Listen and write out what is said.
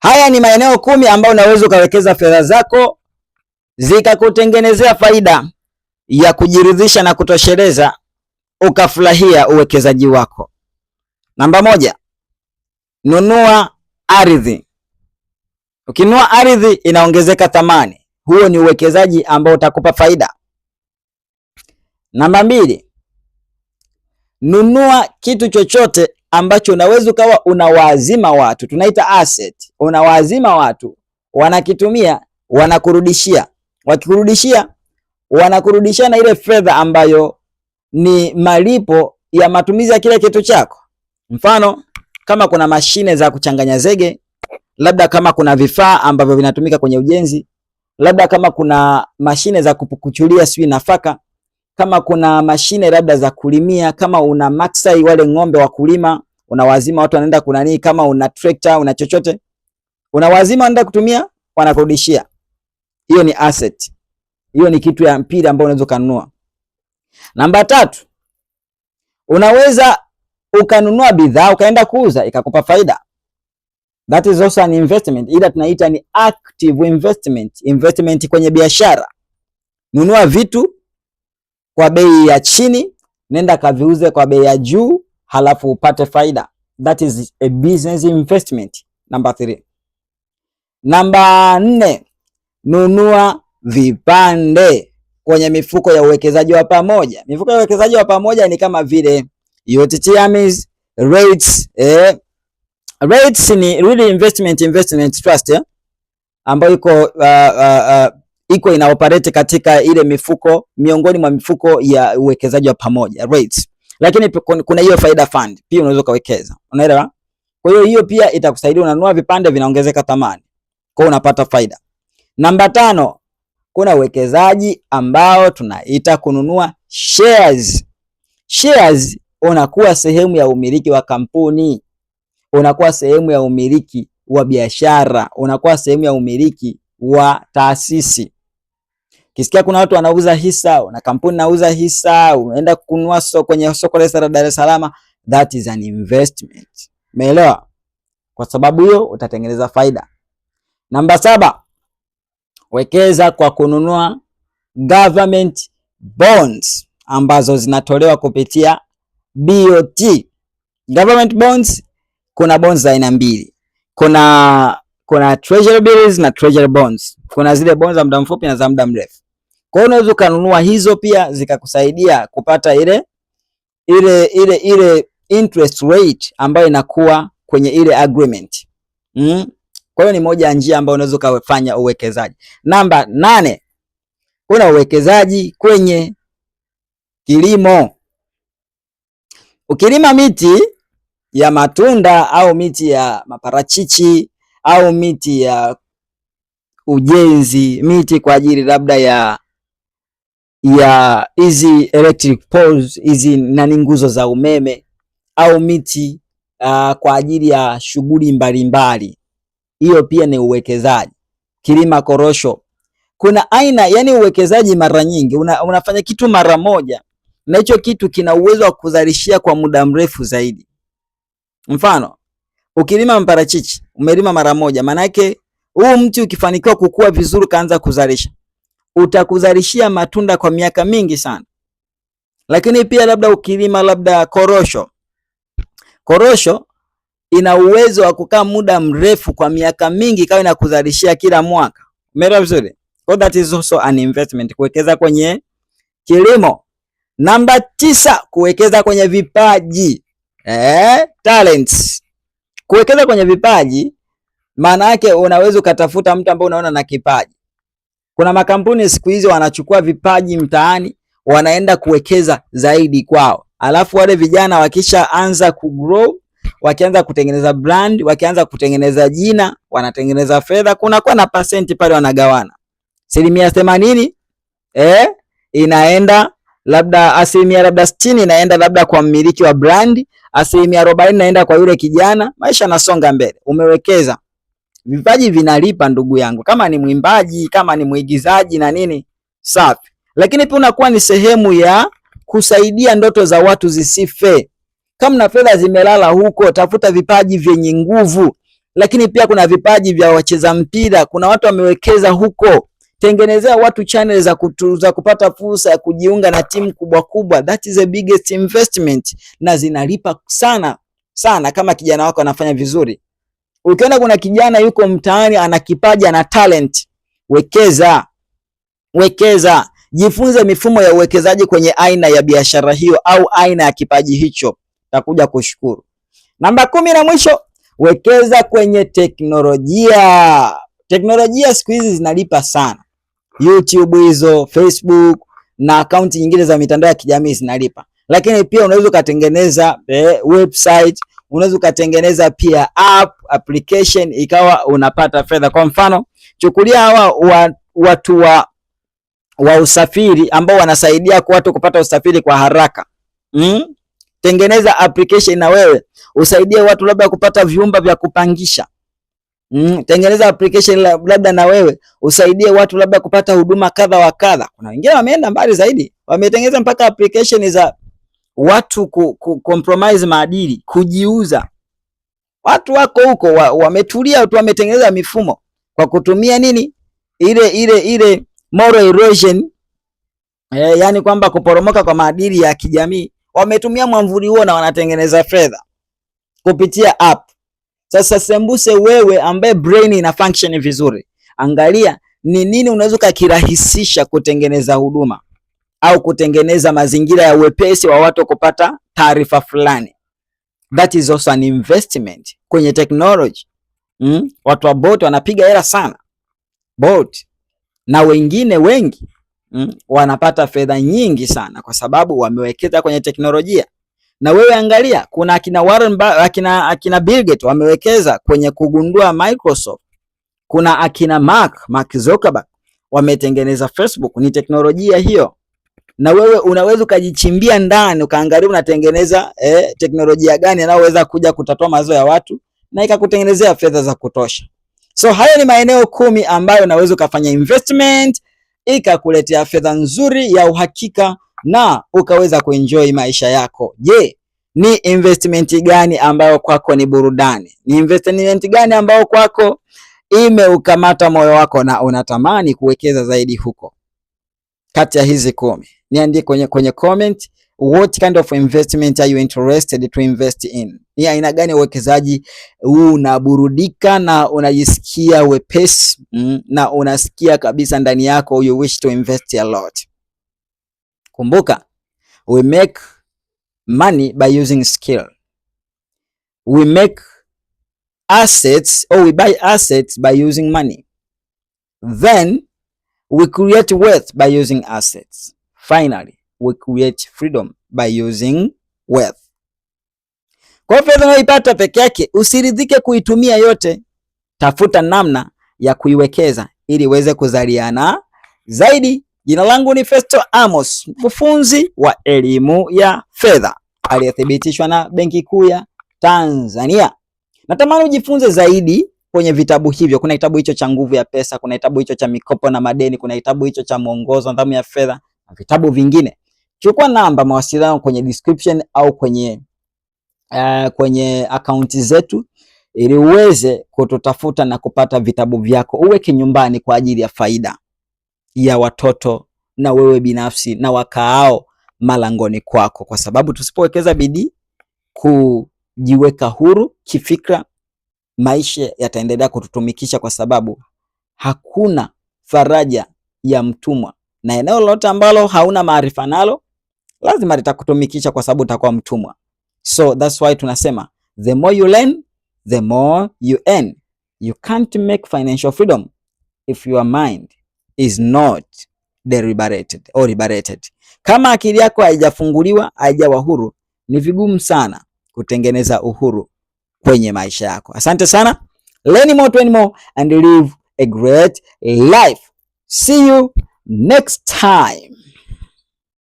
Haya ni maeneo kumi ambayo unaweza ukawekeza fedha zako zikakutengenezea faida ya kujiridhisha na kutosheleza ukafurahia uwekezaji wako. Namba moja, nunua ardhi. Ukinunua ardhi inaongezeka thamani, huo ni uwekezaji ambao utakupa faida. Namba mbili, nunua kitu chochote ambacho unaweza ukawa unawaazima watu, tunaita asset. Unawaazima watu, wanakitumia wanakurudishia, wakikurudishia wanakurudishia na ile fedha ambayo ni malipo ya matumizi ya kile kitu chako. Mfano, kama kuna mashine za kuchanganya zege, labda kama kuna vifaa ambavyo vinatumika kwenye ujenzi, labda kama kuna mashine za kupukuchulia sijui nafaka kama kuna mashine labda za kulimia, kama una maxai wale ng'ombe wa kulima unawazima, watu wanaenda kunanii, kama una tractor, una chochote unawazima, wanaenda kutumia, wanakurudishia. Hiyo ni asset, hiyo ni kitu ya mpira ambayo unaweza kununua. Namba tatu, unaweza ukanunua bidhaa ukaenda kuuza ikakupa faida. That is also an investment, ila tunaita ni active investment, investment kwenye biashara. Nunua vitu kwa bei ya chini, nenda kaviuze kwa bei ya juu, halafu upate faida. That is a business investment number three. Namba nne, nunua vipande kwenye mifuko ya uwekezaji wa pamoja. Mifuko ya uwekezaji wa pamoja ni kama vile UTTAMIS, REITs, eh, REITs ni Real Investment Investment Trust eh, ambayo iko uh, uh, uh, iko ina operate katika ile mifuko miongoni mwa mifuko ya uwekezaji wa pamoja REITs. Lakini kuna hiyo faida fund pia unaweza kawekeza, unaelewa? Kwa hiyo hiyo pia itakusaidia, unanunua vipande vinaongezeka thamani, kwa unapata faida. Namba tano, kuna uwekezaji ambao tunaita kununua shares. Shares unakuwa sehemu ya umiliki wa kampuni, unakuwa sehemu ya umiliki wa biashara, unakuwa sehemu ya umiliki wa taasisi. Kisikia kuna watu wanauza hisa na kampuni nauza hisa, unaenda kununua soko kwenye soko la Dar es Salaam, that is an investment. Umeelewa? Kwa sababu hiyo utatengeneza faida. Namba saba, wekeza kwa kununua government bonds ambazo zinatolewa kupitia BOT. Government bonds, kuna bonds za aina mbili. Kuna kuna treasury bills na treasury bonds. Kuna zile bonds za muda mfupi na za muda mrefu. Kwa hiyo unaweza ukanunua hizo pia zikakusaidia kupata ile ile ile ile interest rate ambayo inakuwa kwenye ile agreement. Mm? Kwa hiyo ni moja ya njia ambayo unaweza ukafanya uwekezaji. Namba nane, kuna uwekezaji kwenye kilimo. Ukilima miti ya matunda au miti ya maparachichi au miti ya ujenzi, miti kwa ajili labda ya ya hizi electric poles hizi nani nguzo za umeme au miti uh, kwa ajili ya shughuli mbalimbali. Hiyo pia ni uwekezaji. Kilima korosho, kuna aina yani uwekezaji mara nyingi una, unafanya kitu mara moja na hicho kitu kina uwezo wa kuzalishia kwa muda mrefu zaidi. Mfano, ukilima mparachichi umelima mara moja, maana yake huu mti ukifanikiwa kukua vizuri kaanza kuzalisha utakuzalishia matunda kwa miaka mingi sana. Lakini pia labda ukilima labda korosho, korosho ina uwezo wa kukaa muda mrefu kwa miaka mingi ikawa inakuzalishia kila mwaka. Umeelewa vizuri? So that is also an investment, kuwekeza kwenye kilimo. Namba tisa, kuwekeza kwenye vipaji eh, talents. Kuwekeza kwenye vipaji maana yake unaweza ukatafuta mtu ambaye unaona na kipaji kuna makampuni siku hizi wanachukua vipaji mtaani wanaenda kuwekeza zaidi kwao, alafu wale vijana wakishaanza kugrow, wakianza kutengeneza brand, wakianza kutengeneza jina, wanatengeneza fedha, kunakuwa na pasenti pale wanagawana, asilimia themanini eh, inaenda labda asilimia labda sitini inaenda labda kwa mmiliki wa brandi, asilimia arobaini inaenda kwa yule kijana. Maisha yanasonga mbele, umewekeza vipaji vinalipa ndugu yangu, kama ni mwimbaji, kama ni mwigizaji na nini, safi. Lakini pia unakuwa ni sehemu ya kusaidia ndoto za watu zisife. Kama na fedha zimelala huko, tafuta vipaji vyenye nguvu. Lakini pia kuna vipaji vya wacheza mpira, kuna watu wamewekeza huko. Tengenezea watu channel za, kutuza, kupata fursa ya kujiunga na timu kubwa kubwa. That is the biggest investment na zinalipa sana sana, kama kijana wako anafanya vizuri. Ukiona kuna kijana yuko mtaani ana kipaji ana talent, wekeza, wekeza, jifunze mifumo ya uwekezaji kwenye aina ya biashara hiyo au aina ya kipaji hicho, takuja kushukuru. Namba kumi na mwisho, wekeza kwenye teknolojia. Teknolojia siku hizi zinalipa sana, YouTube hizo, Facebook na akaunti nyingine za mitandao ya kijamii zinalipa lakini pia unaweza ukatengeneza eh, website unaweza ukatengeneza pia app application ikawa unapata fedha. Kwa mfano chukulia hawa wa, watu wa, wa usafiri ambao wanasaidia kwa watu kupata usafiri kwa haraka mm? Tengeneza application na wewe usaidie watu labda kupata vyumba vya kupangisha mm? Tengeneza application labda na wewe usaidie watu labda kupata huduma kadha wa kadha. Kuna wengine wameenda mbali zaidi, wametengeneza mpaka application za watu ku, ku, compromise maadili, kujiuza. Watu wako huko wametulia wa tu, wametengeneza mifumo kwa kutumia nini, ile ile ile moral erosion eh, yani kwamba kuporomoka kwa maadili ya kijamii. Wametumia mwamvuli huo na wanatengeneza fedha kupitia app. Sasa sembuse wewe ambaye brain ina function vizuri, angalia ni nini unaweza ukakirahisisha kutengeneza huduma au kutengeneza mazingira ya uwepesi wa watu kupata taarifa fulani. That is also an investment kwenye technology. Mm? Watu wa bot wanapiga hela sana bot, na wengine wengi mm, wanapata fedha nyingi sana kwa sababu wamewekeza kwenye teknolojia. Na wewe angalia, kuna akina Warren, ba akina, akina Bill Gates wamewekeza kwenye kugundua Microsoft. Kuna akina Mark, Mark Zuckerberg wametengeneza Facebook, ni teknolojia hiyo na wewe unaweza ukajichimbia ndani ukaangalia unatengeneza eh, teknolojia gani inayoweza kuja kutatua mazo ya watu na ikakutengenezea fedha za kutosha. So hayo ni maeneo kumi ambayo unaweza ukafanya investment ikakuletea fedha nzuri ya uhakika na ukaweza kuenjoy maisha yako. Je, ni investment gani ambayo kwako ni burudani? Ni investment gani ambayo kwako imeukamata moyo wako na unatamani kuwekeza zaidi huko? Kati ya hizi kumi niandike kwenye, kwenye comment what kind of investment are you interested to invest in? Ni aina gani ya uwekezaji huu unaburudika na unajisikia wepesi mm, na unasikia kabisa ndani yako you wish to invest a lot. Kumbuka, we make money by using skill. We make assets or we buy assets by using money. Then we create wealth by using assets. Finally, we create freedom by using wealth. Kwa fedha unayoipata peke yake usiridhike kuitumia yote, tafuta namna ya kuiwekeza ili uweze kuzaliana zaidi. Jina langu ni Festo Amos, mfunzi wa elimu ya fedha aliyethibitishwa na Benki Kuu ya Tanzania. Natamani ujifunze zaidi kwenye vitabu hivyo. Kuna kitabu hicho cha nguvu ya pesa, kuna kitabu hicho cha mikopo na madeni, kuna kitabu hicho cha mwongozo nidhamu ya fedha, vitabu vingine. Chukua namba mawasiliano kwenye description au kwenye, uh, kwenye akaunti zetu ili uweze kututafuta na kupata vitabu vyako uweke nyumbani kwa ajili ya faida ya watoto na wewe binafsi na wakaao malangoni kwako, kwa sababu tusipowekeza bidii kujiweka huru kifikra, maisha yataendelea kututumikisha, kwa sababu hakuna faraja ya mtumwa na eneo lolote ambalo hauna maarifa nalo lazima litakutumikisha kwa sababu utakuwa mtumwa. So that's why tunasema the more you learn, the more you earn. You can't make financial freedom if your mind is not deliberated or liberated. Kama akili yako haijafunguliwa, haijawa huru, ni vigumu sana kutengeneza uhuru kwenye maisha yako. Asante sana. Learn more, train more and live a great life. See you next time.